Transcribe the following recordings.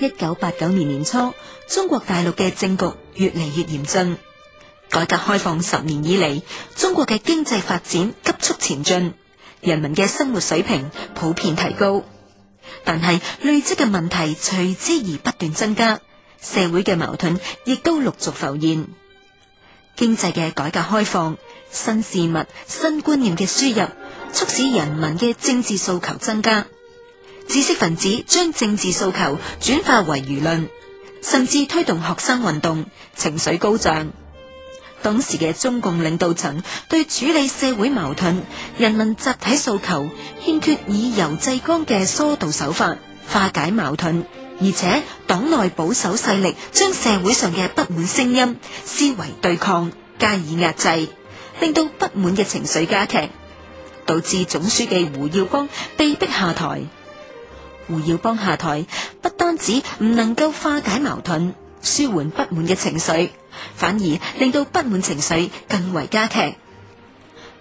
一九八九年年初，中國大陸嘅政局越嚟越嚴峻。改革開放十年以嚟，中國嘅經濟發展急速前進，人民嘅生活水平普遍提高，但係累積嘅問題隨之而不斷增加，社會嘅矛盾亦都陸續浮現。經濟嘅改革開放，新事物、新觀念嘅輸入，促使人民嘅政治訴求增加。知識分子將政治訴求轉化為輿論，甚至推動學生運動，情緒高漲。當時嘅中共領導層對處理社會矛盾、人民集體訴求，欠缺以柔制剛嘅疏導手法化解矛盾，而且黨內保守勢力將社會上嘅不滿聲音、視為對抗加以壓制，令到不滿嘅情緒加劇，導致總書記胡耀邦被逼下台。胡耀邦下台，不單止唔能夠化解矛盾，舒緩不滿嘅情緒，反而令到不滿情緒更為加劇。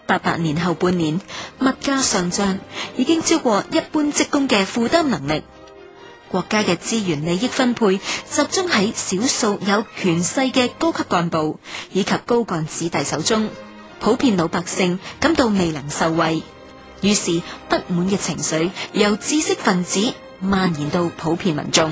八八年後半年，物價上漲已經超過一般職工嘅負擔能力，國家嘅資源利益分配集中喺少數有權勢嘅高級幹部以及高幹子弟手中，普遍老百姓感到未能受惠。於是不滿嘅情緒由知識分子蔓延到普遍民眾。